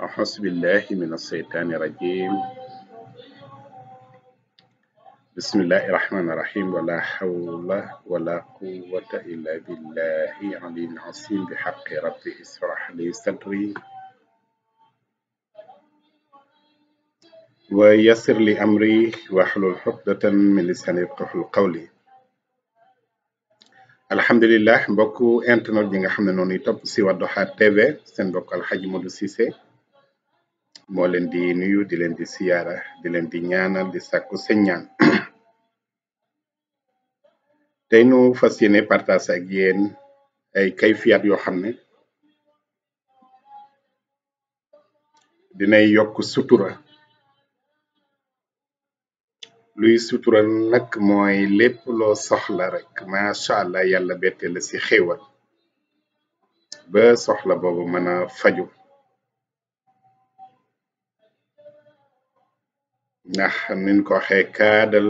أحس بالله من الشيطان الرجيم بسم الله الرحمن الرحيم ولا حول ولا قوة إلا بالله العلي العظيم بحق ربي اشرح لي صدري ويسر لي أمري واحلل عقدة من لساني يفقهوا قولي الحمد لله بوكو أنت nga xam ne noonu topp si Wadduha TV seen mbokk moo leen di nuyu di leen di siyaara di leen di ñaanal di sàkku señaan ñaan tey nu fas yéene partage ak yéen ay kayfiyaat yoo xam ne dinay yokk sutura luy sutura nag mooy lépp loo soxla rek macha allah yàlla bette ci xéewal ba soxla boobu mën a faju ndax nin ko waxee kaadal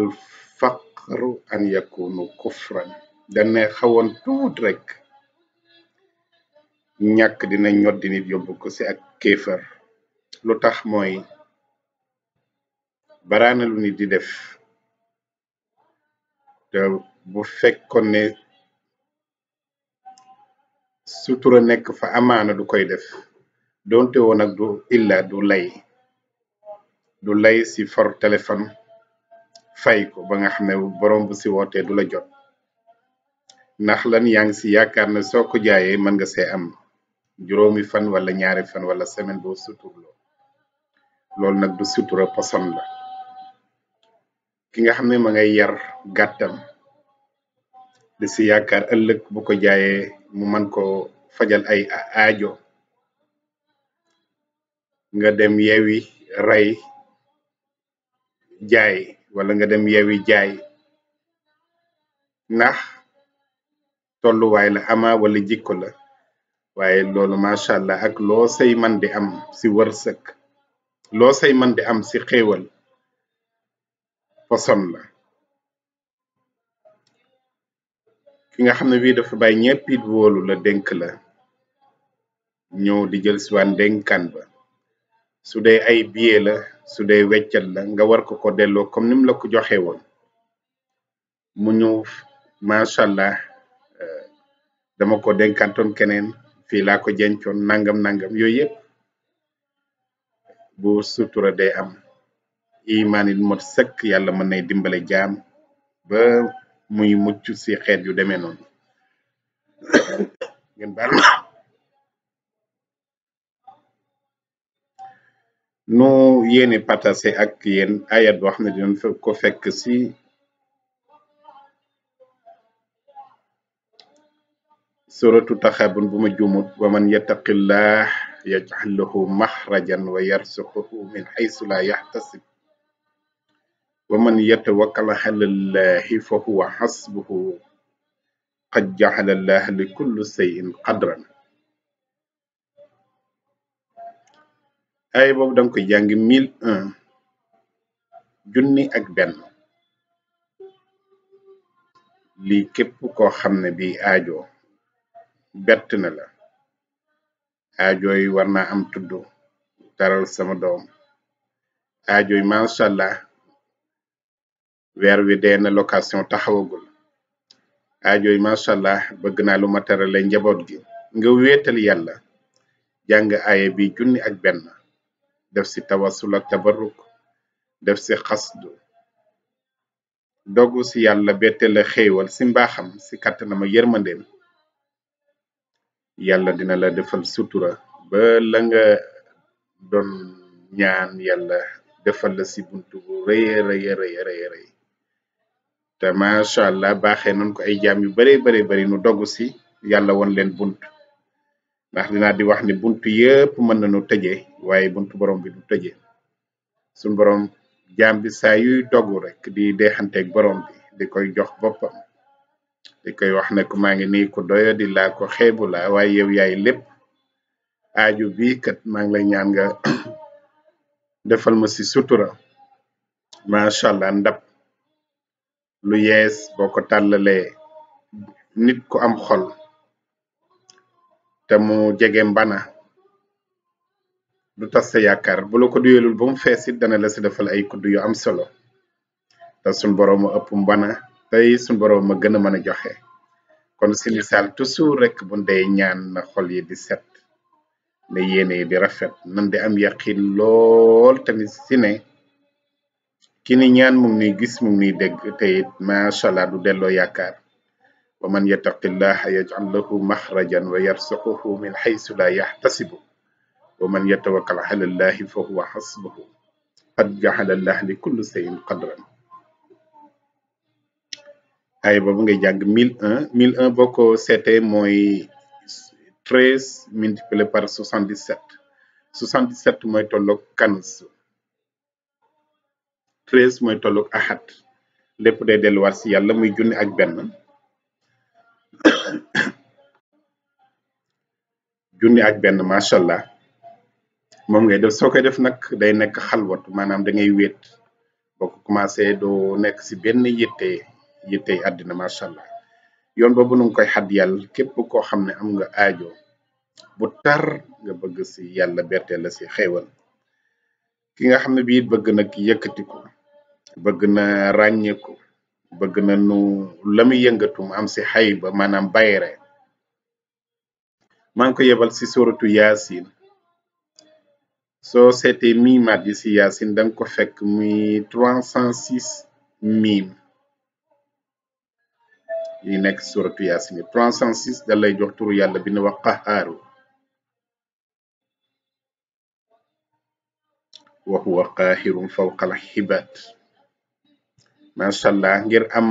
faqru an yakunu kufran dane xawoon tuut rek ñàkk dina ñoddi nit yóbbu ko si ak kéefar lu tax mooy baraana lu nit di def te bu fekkoon ne sutura nekk fa amaana du koy def doonte woon ak du illa du lay du lay si for téléphone fay ko ba nga xamné ne borom bu ci woté du la jot nax lan yang ci yakar na soko jaayé ko nga sé am juróomi fan wala ñaari fan wala semaine boo suturloo lol nak du sutura poson la ki nga xamné ne ma ngay yar gattam di ci yakar ëlëk bu ko jaayé mu man ko fajal ay aajo nga dem yewi ray jaay wala nga dem yewi jaay ndax tolluwaay la ama wala jikko la waaye loolu macha allah ak loo say man di am si wërsëg loo say man di am si xéewal poson la ki nga xam ne bii dafa bàyyi ñepp it la dénk la ñëw di jël si waan ba su dee ay billet la su dee weccat la nga war ko ko delloo comme ni mu la ko joxe woon mu ñëw macha allah euh, dama ko denkantoon keneen fii laa ko jencoon nangam nangam yooyu yëpp bu sutura day am imaan it mot sëkk yàlla mën nay dimbale jaam ba muy mucc si xeet yu demee noonu no yene patase ak yene ayat bo xamne ne ko fekk ci suratu takhabun buma jumut wa man yattaqillah yaj'al lahu mahrajan wa yarsuquhu min haythu la yahtasib wa man yatawakkal ala allah fa huwa hasbuhu qad ja'ala allah li kulli shay'in qadran ay boobu danga koy jàngi mille un junni ak benn lii képp ko xam ne bi ajo bett na la aajooy war na am tudd taral sama doom aajooy mashallah weer wi dee na location taxawagul aajooy mashallah bëgg naa lu ma tarale njaboot gi nga wéetal yàlla jàng aaya bi junni ak benn def si tawasul ak def si xasdu dogu si yàlla bette la si mbaaxam si kàttanam ak yërmandeem yàlla dina la defal sutura ba la nga doon ñaan yàlla defal si buntu bu rëya rëya rëya rëya rëy allah baaxee nañ ko ay jaam yu bare bare bari nu dogu si yàlla won leen bunt ndax dinaa di wax ni buntu yëpp mën nañu tëjee waaye buntu borom bi du tëjee suñu borom jaam bi saa yuy dogu rek di deexanteeg borom bi di koy jox boppam di koy wax ne ko maa ngi nii ku doyo di laa ko xeebu la waaye yow yaay lépp aaju bii kat maa ngi lay ñaan nga defal ma si sutura macha allah ndab lu yees boo ko tàllalee nit ku am xol te mu jege mbana du tas yakar bu lako duyelul bu mu fees dana la ci defal ay kuddu yu am solo ta sun borom a ëpp mbana tay sun borom ma gëna mëna joxe kon si misaal toujours rek bu dee ñaan na xol yi di set na yéene di rafet nan di am yaqin lol tamit si ne ñaan mu ngi gis mu ngi dégg tayit ma sha allah du yakar ومن يتق الله يجعل له مخرجا ويرزقه من حيث لا يحتسب ومن يتوكل على الله فهو حسبه قد جعل الله لكل شيء قدرا ay bobu ngay jang 1001 1001 boko sété moy 13 multiplié par 77 77 moy tolok kanz 13 moy tolok ahad lepp day delu war ci yalla muy junni ak benn junni ak benn macha allah moom ngay def sokay def nak day nek khalwat manam da ngay wet bako commencé do nek si benn yitté adina àddina macha allah yoon bobu nu koy hamne yàlla kep ko xamne am nga aajo bu tar nga bëgg ci yalla berte la ci xéewal ki nga xamne bi bëgg nak yëkëti ko bëgg na ko bëgg na nu lamuy am ci hayba manam bayre maa ngi ko yebal ci soratu yaasin soo seetee miimaat yi si yaasin da ko fek muy trois cent six miim nekk si soratu da lay jox turu yàlla bi ne wax qaxaaru wa huwa qaaxirun fawqal xibaat macha allah ngir am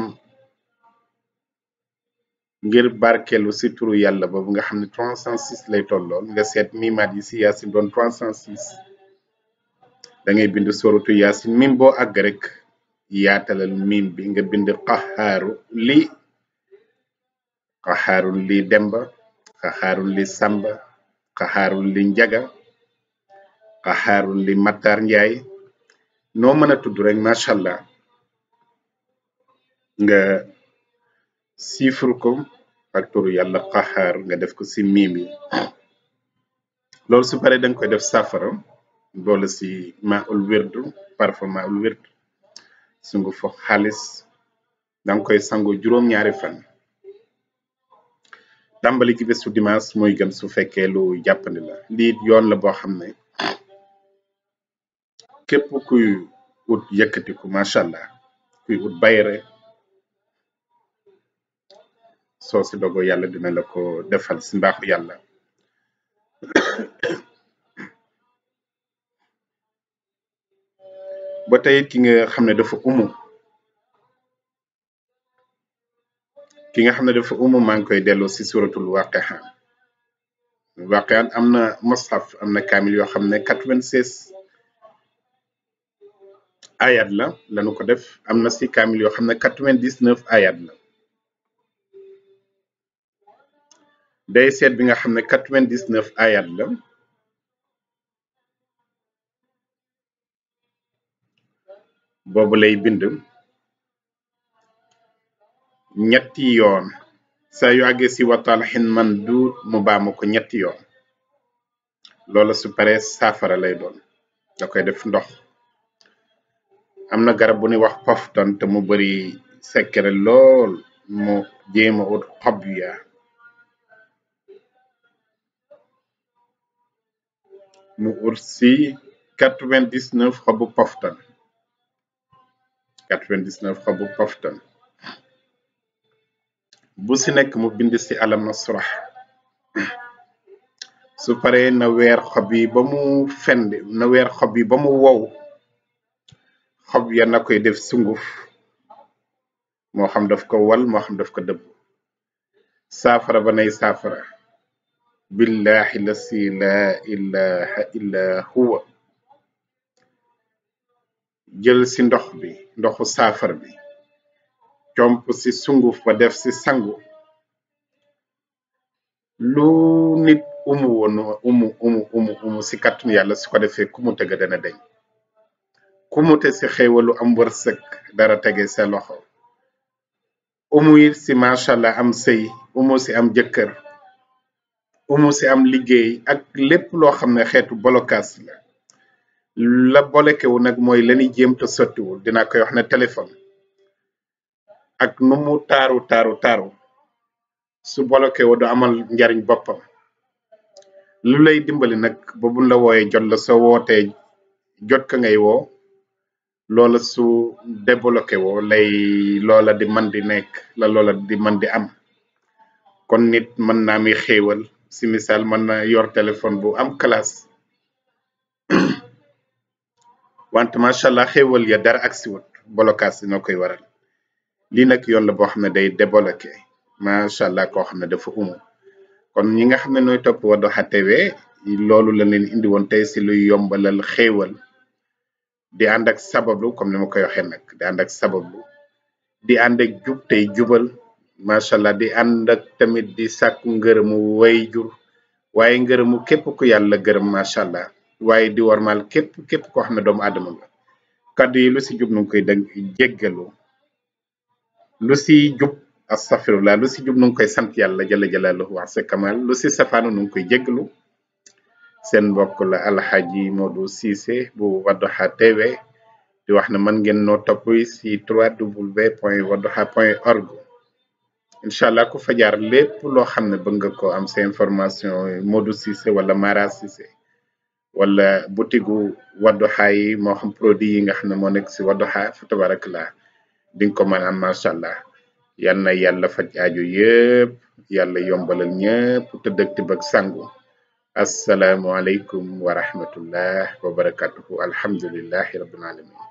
ngir barkeelu si turu yàlla boobu nga xam ne 306 lay tolloon nga seet miimaat yi si yaasin doon 306 da ngay bind soratu yaasin mim boo àgg rek yaatalal miim bi nga bind qaxaaru lii li demba qaxaarun li samba qaxaarun li njaga qaxaarun li matar njaay noo mën a tudd rek macha allah nga siifur ko ak turu yàlla qaxaar nga def ko si miim loolu su paree danga koy def safara boole si maul wirdu parfum maul wirdu sungu fo xaalis danga koy sangu juróom-ñaari fan tàmbali ki bésu dimanche moy gën su fekkee lu jàppandi la lii yoon la boo xam ne képp kuy wut yëkkatiku macha allah kuy ut bayre soo si dogoo yàlla dina la ko defal si mbaaxu yàlla ba tey ki nga xam ne dafa umu ki nga xam ne dafa umu maa ngi koy dello si suratul waqiha waqihan am na mushaf am na kaamil yoo xam ne quatre-vingt-seize ayat la lanu ko def am na si kaamil yoo xam ne quatre-vingt-dix-neuf ayat la day seet bi nga xam ne quatre ayat la boobu lay bind ñetti yoon saa yu àggee si wataal xin man duut mu baamu ko ñetti yoon loola su paree saafara lay doon da koy def ndox am na garab bu ñuy wax pofton te mu bari sekkere lool mu jéema ut xob ya mu ut si 99 xobu poftan 99 xobu poftan bu si nekk mu bind si alam nasrah su paree na weer xob yi ba mu fend na weer xob yi ba mu wow xob ya na koy def sunguf moo xam daf ko wal moo xam daf ko dëbb saafara ba nay saafara بالله الذي لا إله إلا هو jël ci ndox bi ndoxu saafar bi comp ci sunguf ba def ci sangu lu nit umu woon umu umu umu umu ci kàttanu yàlla su ko defee kumute ga dana deñ kumute ci xéewalu am wërsëg dara tege sa loxo umu it ci macha allah am sëy umu ci am jëkkër ba mu si am liggéey ak lépp loo xam ne xeetu bolokaas la la nag mooy lañuy jéem ta sottiwul dinaa koy wax ne téléphone ak nu taaru taaru taaru su bolokewu du amal njariñ boppam lu lay dimbali nag ba buñ la wooyee jot la so wootee jot ka ngay woo loola su débloqué woo lay loola di man di nekk la loola di man di am kon nit mën naa mi xéewal si misaal mën na yor téléphone bu am classe wante macha allah xéwal ya dara ak si wut bolokaas dina koy waral lii nag yoon la boo xam ne day débloqué macha allah koo xam ne dafa umu kon ñi nga xam ne nooy topp Wadduha TV loolu la leen indi woon te si luy yombalal xéewal di ànd ak sabablu comme ni koy waxee nag di ànd ak sabablu di jubal. macha allah di ànd ak tamit di sàkku ngërëmu wayjur waaye ngërëmu képp ko yàlla gërëm macha allah waaye di warmal képp képp koo xam ne doomu aadama la kaddu yi lu si jub nu koy dégg jéggalu lu si jub astafirullah lu si jub nu ngi koy sant yàlla jalla jalaaluhu wax sa kamal lu si safaanu nu ngi koy jéggalu seen mbokk la alxaaji Modou Cissé bu Wadduha TV di wax ne mën ngeen noo topp si www.wadduha.org incha allah ku fa lépp loo xam ne bëgg nga ko am sa information Modou Cissé wala Mara Cissé wala butigu Wadduha yi moo xam produit yi nga xam ne moo nekk si Wadduha fa tabarakallah di nga ko mën am macha allah yal na yàlla faj aajo yëpp yàlla yombalal ñëpp te dëkk bëgg sangu asalaamualeykum wa rahmatullah wa barakatuhu alhamdulillahi rabbil alamin